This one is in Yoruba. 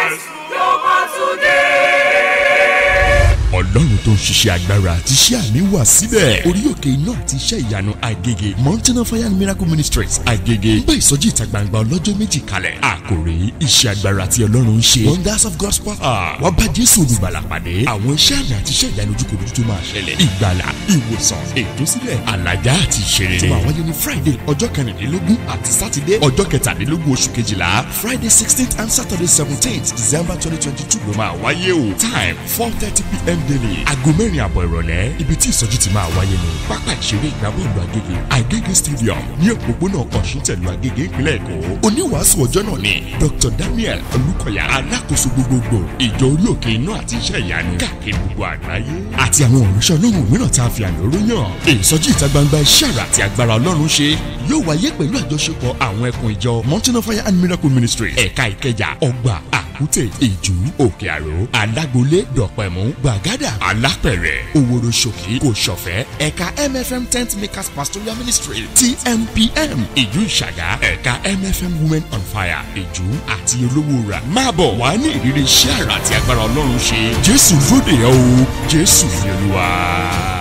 Yes! ọlọ́run tó ń ṣiṣẹ́ agbára ti ṣe àmì wà síbẹ̀ orí òkè iná àti iṣẹ́ ìyanu agége mountain of fire and miracle ministries agége ń bá ìsọjí ìta gbangba ọlọ́jọ́ méjì kalẹ̀ àkòrí iṣẹ́ agbára tí ọlọ́run ń ṣe wonders of God's power ah. wá bá jésù olùgbàlà pàdé àwọn iṣẹ́ àmì àti iṣẹ́ ìyanu ojúkòròjú tó máa ṣẹlẹ̀ ìgbàlà ìwòsàn ìtúsílẹ̀ àlàjá àti ìṣeré tí máa wáyé ní friday ọjọ́ kẹrìndínlógún àti sátidé ọjọ́ friday sixteenth and saturday seventeenth december twenty twenty two ló máa wáyé time four thirty pm ni aago mẹ́rin àbọ̀ ìrọ̀lẹ́ ibi tí ìsọjí ti máa wáyé ni pápá ìṣeré ìgbàbọ́ọ̀lù Agége Agége stadium ní òpópónà ọ̀ṣun tẹ̀lú Agége ìpínlẹ̀ Èkó oníwàásù ọjọ́ náà ni Dr Daniel Olúkọ̀yà alákòóso gbogbogbò ìjọ orí òkè iná àti iṣẹ́ ìyanu káàkiri gbogbo àgbáyé àti àwọn òrìṣà ọlọ́run mìíràn tá a fi àmì oróyàn ìsọjí ìta gbangba iṣẹ́ àrà àti agbára ọlọ́run ṣe yóò wáyé pẹ̀lú àjọṣepọ̀ àwọn ẹkùn ìjọ Mountain of Fire and Miracle Ministry ẹ̀ka Ìkẹjà ọgbà èkúté ìjú òkè àró alágbolé dọ̀pẹ̀mú gbàgádà alápẹ̀rẹ̀ òwòrò ṣòkì kò ṣọ̀fẹ́ ẹ̀ka mfm tent makers pastoral ministry tmpm ìjú ìṣàgá ẹ̀ka mfm women on fire ìjú àti olówó ra máa bọ̀ wá ní ìrírí iṣẹ́ àrà àti agbára ọlọ́run ṣe jésù lóde ẹ̀ jésù ni olúwa.